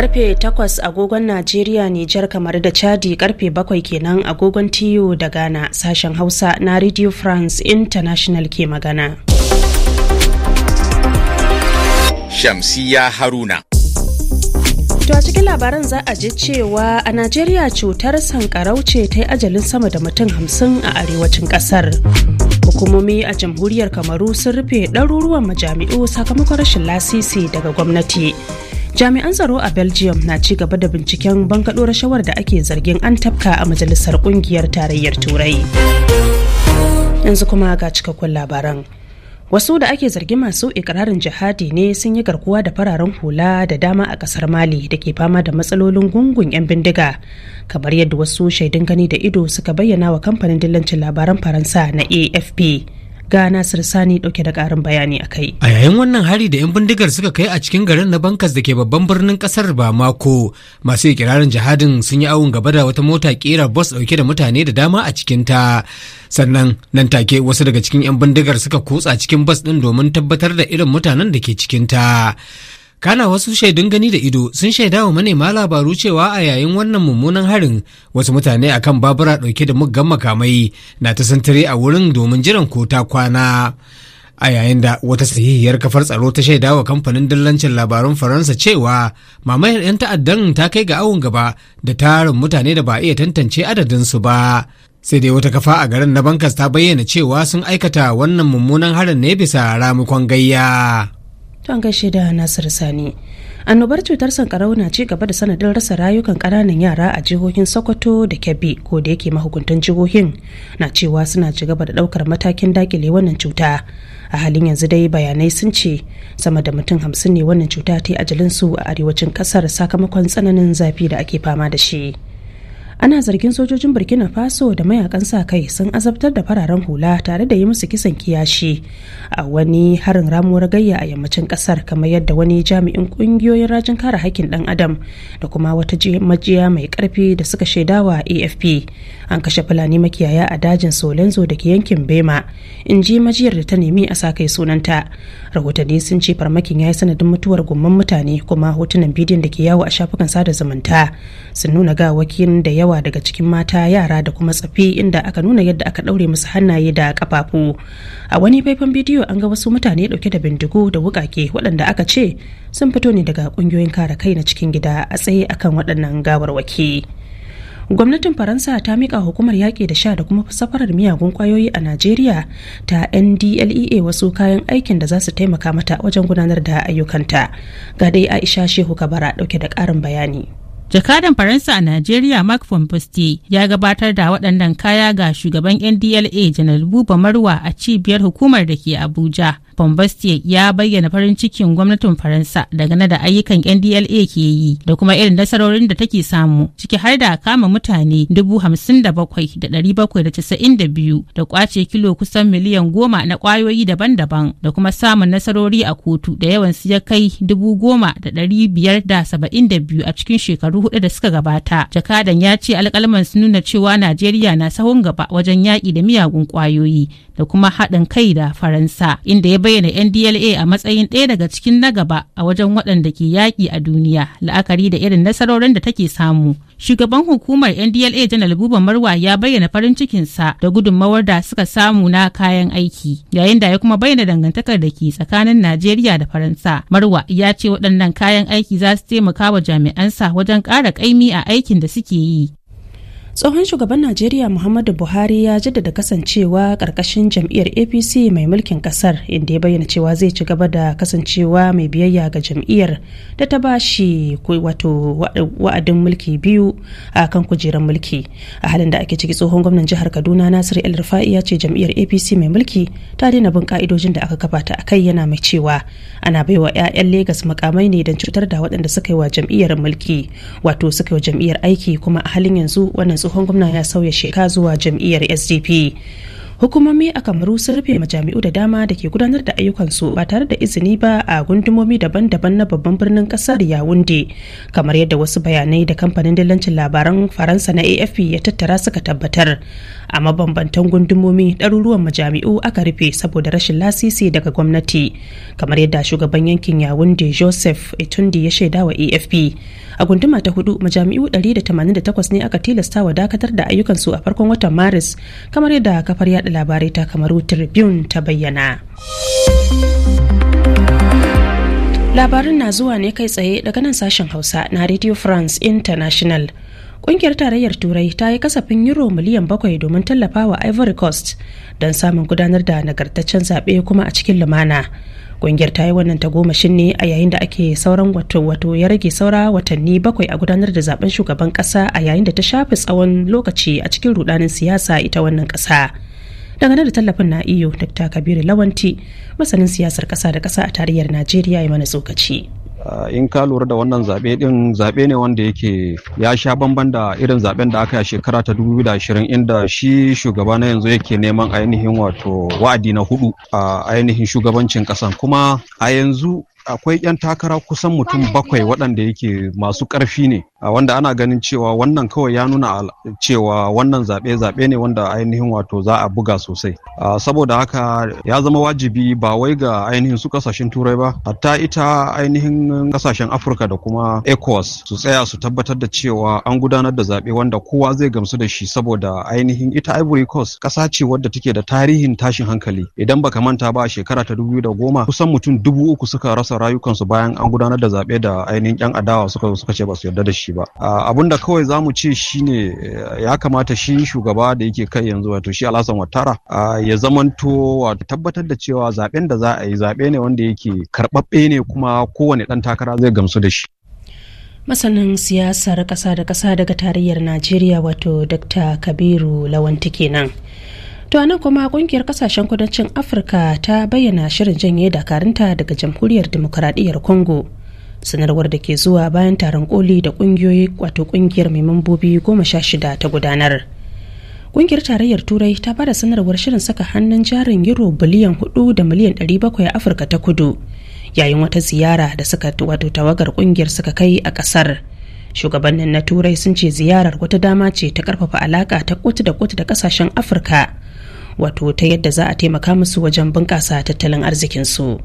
karfe takwas agogon najeriya nijar kamar da chadi karfe bakwai kenan agogon tiyo da ghana sashen hausa na radio france international ke magana shamsiya haruna To a cikin labaran za a ji cewa a Najeriya cutar sankarau ce ta yi ajalin sama da mutum hamsin a arewacin kasar. Hukumomi a jamhuriyar Kamaru sun rufe ɗaruruwan majami'u sakamakon rashin lasisi daga gwamnati. jami'an tsaro a belgium na ci gaba da binciken bankaɗo rashawar da ake zargin an tafka a majalisar ƙungiyar tarayyar turai yanzu kuma ga cikakkun labaran wasu da ake zargi masu ikirarin jihadi ne sun yi garkuwa da fararen hula da dama a kasar mali da ke fama da matsalolin gungun 'yan bindiga kamar yadda wasu shaidun gani da ido suka bayyana wa kamfanin dillancin labaran faransa na afp ga Nasir Sani dauke da karin bayani a kai. A yayin wannan hari da 'yan bindigar suka kai a cikin garin na Bankas da ke babban birnin kasar ba mako masu ikirarin jihadin sun yi awon gaba da wata mota kera bus dauke da mutane da dama a cikin ta. Sannan nan take wasu daga cikin 'yan bindigar suka kutsa cikin bus din domin tabbatar da irin mutanen da ke cikin ta. kana wasu shaidun gani da ido sun shaida wa manema labaru cewa a yayin wannan mummunan harin wasu mutane akan babura ɗauke da muggan makamai na ta santare a wurin domin jiran ko ta kwana a yayin da wata sahihiyar kafar tsaro ta shaida wa kamfanin dillancin labarun faransa cewa mamayar 'yan ta'addan ta kai ga awon gaba da tarin mutane da ba iya tantance adadin su ba sai dai wata kafa a garin na bankas ta bayyana cewa sun aikata wannan mummunan harin ne bisa ramukon gayya to an gaishe da nasir sani annobar cutar sankarau na ci gaba da sanadin rasa rayukan kananan yara a jihohin sokoto da kebbi ko da yake mahukuntan jihohin na cewa suna ci gaba da daukar matakin dakile wannan cuta a halin yanzu dai bayanai sun ce sama da mutum hamsin ne wannan cuta ta yi ajalinsu a arewacin kasar sakamakon tsananin zafi da ake fama da shi. ana zargin sojojin burkina faso da mayakan sa kai sun azabtar da fararen hula tare da yi musu kisan kiyashi a wani harin ramuwar gayya a yammacin kasar kamar yadda wani jami'in kungiyoyin rajin kare hakkin dan adam da kuma wata majiya mai karfi da suka shaidawa afp an kashe fulani makiyaya a dajin solenzo da ke yankin bema in ji majiyar da ta nemi a sa kai sunanta rahotanni sun ce farmakin ya yi sanadin mutuwar gumman mutane kuma hotunan bidiyon da ke yawo a shafukan sada zumunta sun nuna gawakin da yawa yawa daga cikin mata yara da kuma tsafi inda aka nuna yadda aka daure musu hannaye da kafafu a wani faifan bidiyo an ga wasu mutane dauke da bindigo da wukake waɗanda aka ce sun fito ne daga ƙungiyoyin kare kai na cikin gida a tsaye akan waɗannan gawarwaki gwamnatin faransa ta mika hukumar yaƙi da sha da kuma safarar miyagun ƙwayoyi a najeriya ta ndlea wasu kayan aikin da za su taimaka mata wajen gudanar da ayyukanta ga dai aisha shehu kabara ɗauke da ƙarin bayani jakadan faransa a najeriya mark pomposte ya gabatar da waɗannan kaya ga shugaban ndla janar buba marwa a cibiyar hukumar da ke abuja Pombastier ya bayyana farin cikin gwamnatin Faransa na da ayyukan NDLA ke yi da kuma irin nasarorin da take samu ciki har da kama mutane 57,792 da kwace kilo kusan miliyan goma na kwayoyi daban-daban da kuma samun nasarori a kotu da yawan su ya kai 10,572 a cikin shekaru hudu da suka gabata. Jakadan ya ce alkalman su nuna cewa Najeriya na sahun gaba wajen yaƙi da miyagun kwayoyi da kuma haɗin kai da Faransa inda ya bayyana ndla a matsayin ɗaya daga cikin na gaba a wajen waɗanda ke yaƙi a duniya la'akari da irin nasarorin da take samu shugaban hukumar ndla janar buba marwa ya bayyana farin cikinsa da gudunmawar da suka samu na kayan aiki yayin da ya kuma bayyana dangantakar da ke tsakanin najeriya da faransa marwa ya ce waɗannan kayan aiki za su taimaka wa jami'ansa wajen ƙara ƙaimi a aikin da suke yi tsohon shugaban najeriya muhammadu buhari ya jaddada kasancewa karkashin jam'iyyar apc mai mulkin kasar inda ya bayyana cewa zai ci gaba da kasancewa mai biyayya ga jam'iyyar da ta ba shi wato wa'adin mulki biyu a kan kujerar mulki a halin da ake ciki tsohon gwamnan jihar kaduna nasir el rufa'i ya ce jam'iyyar apc mai mulki ta daina bin ka'idojin da aka kafa ta a kai yana mai cewa ana baiwa 'ya'yan legas mukamai ne don cutar da waɗanda suka yi wa jam'iyyar mulki wato suka yi wa jam'iyyar aiki kuma a halin yanzu wannan tsohon gwamna ya sauya sheka zuwa jam'iyyar SDP. hukumomi a kamaru sun rufe majami'u da dama da ke gudanar da ayyukansu ba tare da izini ba a gundumomi daban-daban na babban birnin kasar yawunde kamar yadda wasu bayanai da kamfanin dillancin labaran faransa na afp ya tattara suka tabbatar a mabambantan gundumomi ɗaruruwan majami'u aka rufe saboda rashin lasisi daga gwamnati kamar yadda shugaban yankin yawunde joseph etundi ya shaida wa afp a gunduma ta hudu majami'u 188 ne aka tilasta wa dakatar da ayyukansu a farkon watan maris kamar yadda kafar yada da labarai ta kamaru tribune ta bayyana labarin na zuwa ne kai tsaye daga nan sashen hausa na radio france international kungiyar tarayyar turai ta yi kasafin euro miliyan bakwai domin tallafa wa ivory coast don samun gudanar da nagartaccen zaɓe kuma a cikin lumana kungiyar ta yi wannan tagomashin ne a yayin da ake sauran wato wato ya rage saura watanni bakwai a gudanar da zaben shugaban kasa a yayin da ta shafi tsawon lokaci a cikin rudanin siyasa ita wannan kasa. dangane da tallafin na iyo e dr kabiru lawanti masanin siyasar kasa da kasa a tarayyar najeriya ya mana tsokaci ah, in ka lura da wannan zaɓe ɗin zaɓe ne wanda yake ya sha bamban da irin zaɓen da aka yi a shekara ta 2020 inda shi shugaba na yanzu yake neman ainihin wato wa'adi na hudu a ainihin shugabancin ƙasan kuma a yanzu akwai 'yan takara kusan mutum bakwai waɗanda yake masu ƙarfi ne wanda ana ganin cewa wannan kawai ya nuna cewa wannan zaɓe zaɓe ne wanda ainihin wato za a buga sosai saboda haka ya zama wajibi ba wai ga ainihin su kasashen turai ba hatta ita ainihin kasashen afirka da kuma Ecos su tsaya su tabbatar da cewa an gudanar da zaɓe wanda kowa zai gamsu da shi saboda ainihin ita ivory coast ƙasa ce wadda take da tarihin tashin hankali idan baka manta ba shekara ta dubu da goma kusan mutum dubu uku suka rasa rasa rayukansu bayan an gudanar da zaɓe da ainihin yan adawa suka suka ce ba su yarda da shi ba abin da kawai za mu ce shi ne eh, ya kamata shi shugaba da yake kai yanzu wato shi alhassan watara ya zamanto wato tabbatar da cewa zaɓen da za a yi zaɓe ne wanda yake karɓaɓɓe ne kuma kowane ɗan takara zai gamsu da shi masanin siyasar ƙasa da ƙasa daga tarayyar najeriya wato dr kabiru lawanti kenan to anan kuma kungiyar kasashen kudancin afirka ta bayyana shirin janye dakarunta daga jamhuriyar demokuraɗiyyar congo sanarwar da ke zuwa bayan taron koli da kungiyoyi wato kungiyar mai mambobi goma sha shida ta gudanar kungiyar tarayyar turai ta bada sanarwar shirin saka hannun jarin euro biliyan hudu da miliyan bakwai afirka ta kudu yayin wata ziyara da suka wato tawagar kungiyar suka kai a ƙasar shugabannin na turai sun ce ziyarar wata dama ce ta karfafa alaka ta kutu da kutu da ƙasashen afirka wato ta yadda za a taimaka musu wajen bunƙasa tattalin arzikinsu.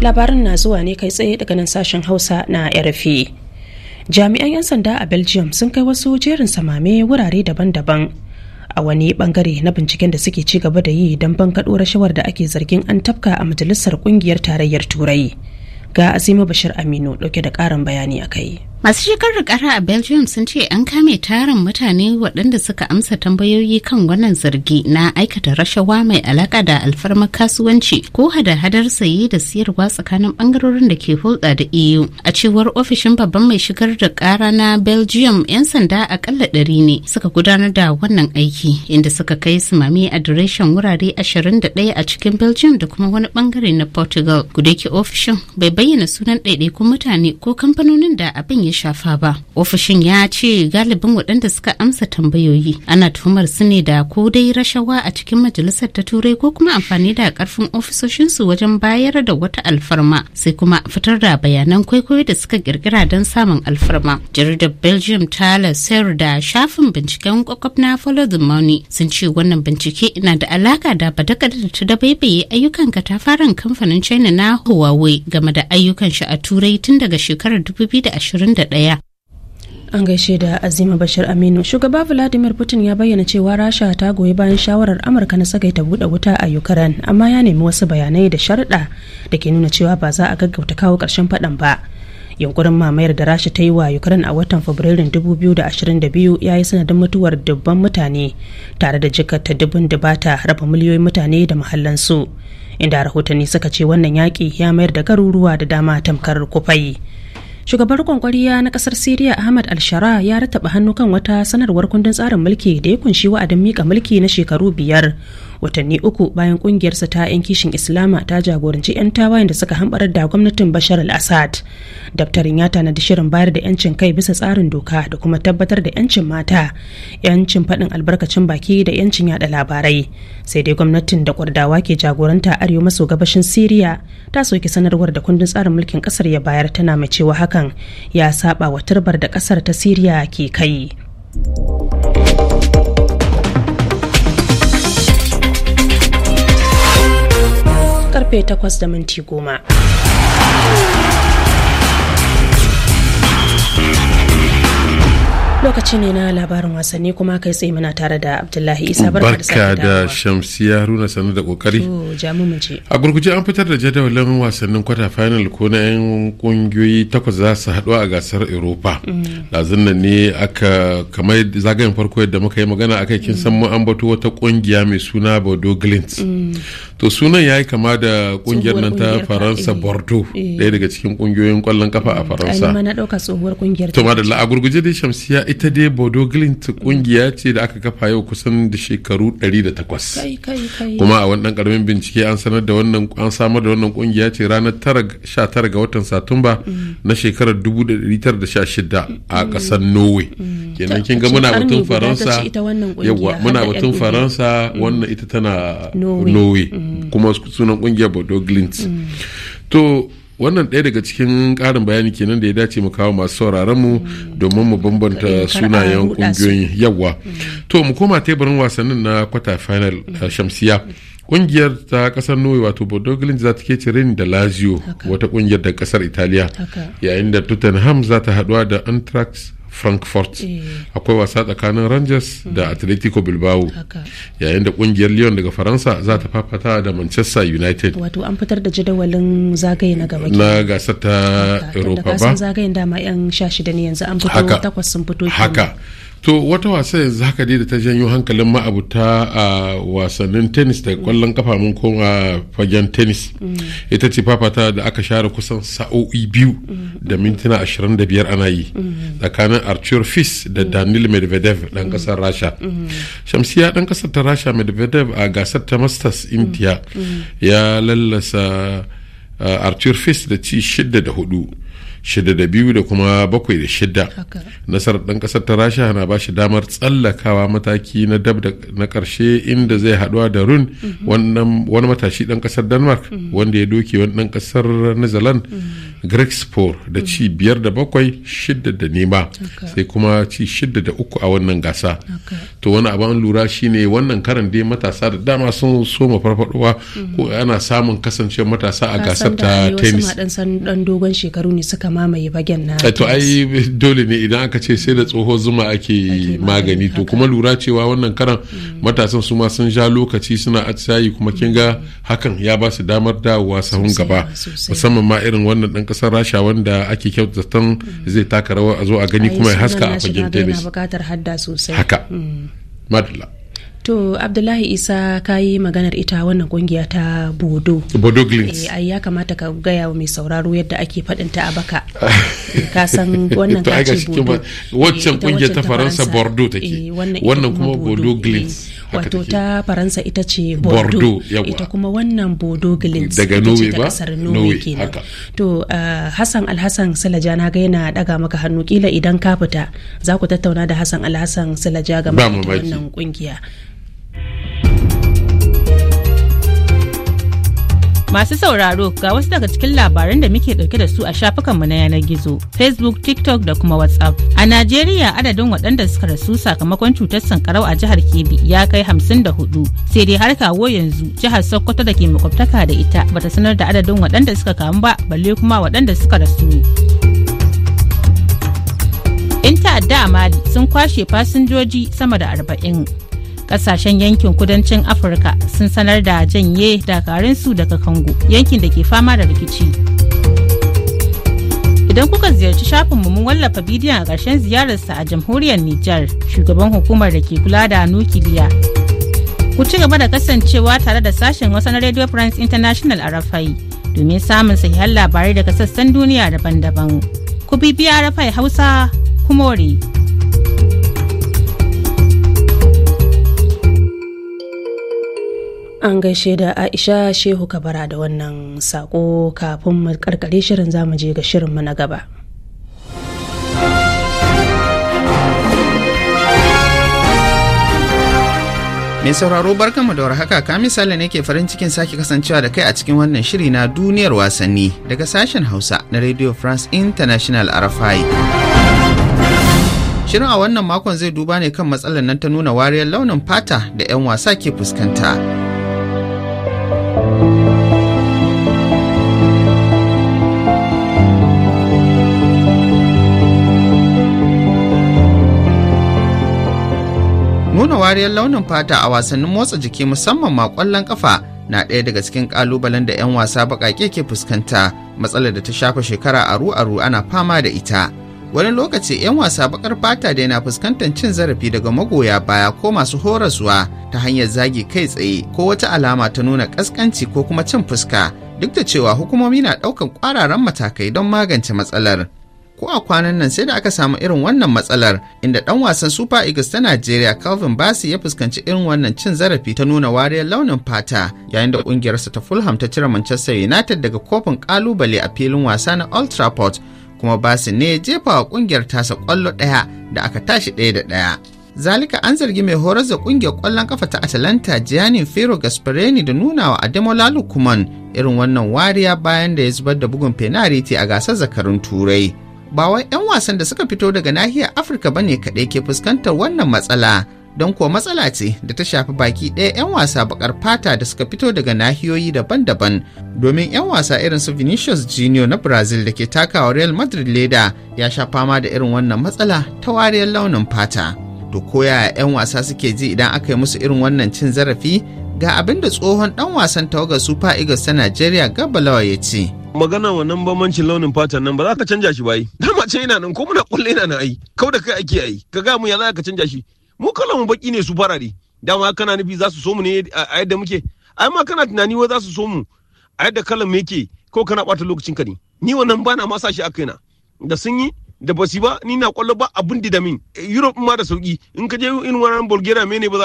labarin na zuwa ne kai tsaye daga nan sashen hausa na rfi jami'an 'yan sanda a belgium sun kai wasu jerin samame wurare daban-daban a wani bangare na binciken da suke ci gaba da yi don bankaɗo rashawar da ake zargin an tafka a majalisar kungiyar tarayyar turai ga azima bashir aminu dauke da ƙarin bayani a kai Masu shigar da kara a Belgium sun ce an kame tarin mutane waɗanda suka amsa tambayoyi kan wannan zargi na aikata rashawa mai alaƙa da alfarmar kasuwanci ko hada-hadar saye da siyarwa tsakanin ɓangarorin da ke hulɗa da EU. A cewar ofishin babban mai shigar da kara na Belgium 'yan sanda akalla ɗari ne suka gudanar da wannan aiki inda suka kai sumami a direshin wurare 21 a cikin Belgium da kuma wani bangare na Portugal. Gudake ofishin bai bayyana sunan ɗaiɗaikun mutane ko kamfanonin da abin ya shafa ba ofishin ya ce galibin waɗanda suka amsa tambayoyi ana tuhumar su ne da ko dai rashawa a cikin majalisar ta turai ko kuma amfani da karfin ofisoshinsu wajen bayar da wata alfarma sai kuma fitar da bayanan kwaikwayo da suka ƙirƙira don samun alfarma jaridar belgium ta lasar da shafin binciken kwakwaf na follow the money sun ce wannan bincike ina da alaka da badakada da ta dabaibaye ayyukan katafaren kamfanin china na huawei game da ayyukan shi a turai tun daga shekarar 2021 ɗaya. an gaishe da azima bashir aminu shugaba vladimir putin ya bayyana cewa rasha ta goyi bayan shawarar amurka na sagaita buɗe wuta a ukraine amma ya nemi wasu bayanai da sharɗa da ke nuna cewa ba za a gaggauta kawo ƙarshen faɗan ba yunkurin mamayar da rasha ta yi wa ukraine a watan fabrairun 2022 ya yi sanadin mutuwar dubban mutane tare da jikata dubin dubata raba miliyoyin mutane da mahallansu inda rahotanni suka ce wannan yaƙi ya mayar da garuruwa da dama tamkar kufai. shugaban rikon ƙwariya na ƙasar siriya ahmad al-shara ya rattaba hannu kan wata sanarwar kundin tsarin mulki da ya kunshi wa'adin miƙa mulki na shekaru biyar watanni uku bayan kungiyarsa ta 'yan kishin islama ta jagoranci 'yan tawayen da suka hambarar da gwamnatin bashar al-assad daftarin ya tanadi shirin bayar da 'yancin kai bisa tsarin doka da kuma tabbatar da 'yancin mata 'yancin faɗin albarkacin baki da 'yancin yada labarai sai dai gwamnatin da kwardawa ke jagoranta arewa maso gabashin siriya ta soki sanarwar da kundin tsarin mulkin kasar ya bayar tana mai cewa hakan ya saba wa turbar da kasar ta siriya ke kai. karfe 8 da minti goma lokaci ne na labarin wasanni kuma kai tsaye muna tare da abdullahi isa barka da shamsiya runa sanu da kokari a gurguje an fitar da jadawalin wasannin kwata final ko na yan kungiyoyi takwas za su haɗu a gasar europa lazin mm. nan ne aka kamar zagayen farko yadda muka yi magana akai kin san mu batu wata kungiya mai suna bodo glint mm. to sunan ya yi kama da kungiyar nan ta faransa eh. bordeaux eh. ɗaya daga cikin kungiyoyin kwallon kafa a mm. faransa to madalla a gurguje dai shamsiya ita dai bodo glint kungiya ce da aka kafa yau kusan da shekaru 108 kuma a wannan karamin bincike an sanar da wannan an samar da wannan kungiya ce ranar 19 ga watan satumba mm. na shekarar 1916 a kasar mm. norway mm. kenan kin ga muna batun faransa yawa muna batun faransa wannan ita tana norway kuma sunan kungiyar bodo glint to wannan ɗaya daga cikin ƙarin bayani kenan da ya dace mu kawo masu sauraron mu domin mu bambanta sunayen ƙungiyoyin yawwa mm. to mu koma teburin wasannin na kwata final mm. shamsiya ƙungiyar ta ƙasar norway wato bordeaux za ta ke cire da lazio wata ƙungiyar da ƙasar italiya yayin da tottenham za ta haɗuwa da anthrax frankfurt eh. akwai wasa tsakanin rangers hmm. da atletico bilbao yayin da kungiyar lyon daga faransa za ta fafata da manchester united wato an fitar da jadawalin zagaye na gaba na gasar ta europa ba zagayen haka to wata wasan yanzu haka dai da ta janyo hankalin ma'abuta a wasannin tennis da kwallon kafa mun koma fagen tennis mm. ita ce fafata da aka share kusan sa'o'i biyu mm. da mintuna 25 ana yi mm. tsakanin arthur fis da daniel medvedev dan kasar rasha shamsiya dan kasar ta rasha medvedev a gasar ta masters india ya lallasa arthur fis da ci shidda da hudu shida da biyu da kuma bakwai da shida nasarar ɗan ƙasar ta rasha na ba shi damar tsallakawa mataki na dab na ƙarshe inda zai haɗuwa da run mhm. wani matashi ɗan kasar denmark mhm. wanda ya doke wani ɗan ƙasar netherland mhm. grexpor da ci biyar da bakwai shida da nema sai kuma ci shida da uku a wannan gasa to wani abin lura shine wannan karan dai matasa da dama sun soma farfaɗowa ko ana samun kasancewar matasa a gasar ta tennis dogon shekaru ne suka mamaye fagen na eh, to ai dole ne idan aka ce sai da tsoho zuma ake magani to kuma lura cewa wannan karan mm. matasan su ma sun ja lokaci suna atisayi kuma kin ga mm. hakan ya ba su damar dawowa sahun gaba musamman ma irin wannan dan kasar rasha wanda ake kyautatan mm. zai taka rawa a zo a gani kuma ya haska a fagen tenis haka madalla to abdullahi isa ka yi maganar ita wannan kungiya ta bodo bodo glint eh, ai ya kamata ka gaya wa mai sauraro yadda ake ta a baka ka san wannan ka ce bodo waccan kungiya eh, ta faransa bordeaux take eh, wannan kuma bodo glint wato ta faransa ita ce bordeaux ita kuma wannan bodo glint daga norway ba norway kenan to hassan alhassan salaja na ga yana daga maka hannu kila idan ka fita za ku tattauna da hassan alhassan salaja game da wannan kungiya Masu sauraro ga wasu daga cikin labaran da muke dauke da su a shafukanmu na yanar gizo, Facebook, TikTok da kuma WhatsApp. A Najeriya adadin waɗanda suka rasu sakamakon cutar sankarau a jihar Kebbi ya kai hamsin da hudu. Sai dai har kawo yanzu jihar Sokoto da ke makwabtaka da ita bata sanar da adadin waɗanda suka kamu ba balle kuma waɗanda suka rasu. 'Yan ta'adda a Mali sun kwashe fasinjoji sama da arba'in. kasashen yankin kudancin afirka sun sanar da janye dakarunsu daga kango yankin da ke fama da rikici idan kuka ziyarci shafinmu mun wallafa bidiyon a ƙarshen ziyararsa a jamhuriyar nijar shugaban hukumar da ke kula da nukiliya ku ci gaba da kasancewa tare da sashen wasu na radio france international a rafai domin samun sahihan labarai daga sassan duniya daban-daban ku bibiya rafai hausa kumore. An gaishe da Aisha Shehu Kabara da wannan sako kafin mu karkare shirin zamu je ga shirinmu na gaba. Mai sauraro barkanmu da warhaka ka misali ne ke farin cikin sake kasancewa da kai a cikin wannan shiri na duniyar wasanni daga sashen Hausa na Radio France International RFI. Shirin a wannan makon zai duba ne kan matsalar nan ta nuna wariyar launin fata da 'yan wasa ke fuskanta. nuna wariyar launin fata a wasannin motsa jiki musamman ma kwallon kafa na ɗaya daga cikin ƙalubalen da 'yan wasa baƙaƙe ke fuskanta matsalar da ta shafa shekara aru-aru ana fama da ita wani lokaci 'yan wasa baƙar fata da yana fuskantar cin zarafi daga magoya baya ko masu horaswa ta hanyar zagi kai tsaye ko wata alama ta nuna ƙasƙanci ko kuma cin fuska duk da cewa hukumomi na ɗaukar ƙwararan matakai don magance matsalar ko a kwanan nan sai da aka samu irin wannan matsalar inda dan wasan Super Eagles ta Najeriya Calvin Bassey ya fuskanci irin wannan cin zarafi ta nuna wariyar launin fata yayin da ƙungiyarsa ta Fulham ta cire Manchester United daga kofin kalubale a filin wasa na Old Trafford kuma Bassey ne ya jefa wa ƙungiyar tasa kwallo ɗaya da aka tashi ɗaya da ɗaya. zalika an zargi mai horar da kungiyar kwallon kafa ta atalanta gianni fero gasparini da nuna wa ademola irin wannan wariya bayan da ya zubar da bugun fenariti a gasar zakarun turai ba 'yan wasan da suka fito daga nahiyar afirka ba ne kaɗai ke fuskantar wannan matsala don kuwa matsala ce da ta shafi baki ɗaya 'yan wasa bakar fata da suka fito daga nahiyoyi daban-daban domin 'yan wasa irin su vinicius junior na brazil da ke takawa real madrid leda ya sha fama da irin wannan matsala ta wariyar launin fata to koya 'yan wasa suke ji idan aka yi musu irin wannan cin zarafi ga abin da tsohon dan wasan tawagar super eagles ta nigeria gabalawa ya ce magana wannan bambanci launin fatan nan ba za ka canja shi ba yi dama ce ina nan ko muna kulle ina nan ai kau da kai ake ai ka ga mu ya za ka canja shi mu kala mu baki ne su farare dama kana nufi za su so mu ne a yadda muke ai ma kana tunani wa za su so mu a yadda kalan mu yake ko kana bata lokacin ka ne ni wannan ba na ma sa shi a kaina da sun yi da basi ba ni na kwallo ba abin da min europe ma da sauki in ka je in wannan bulgaria ne ba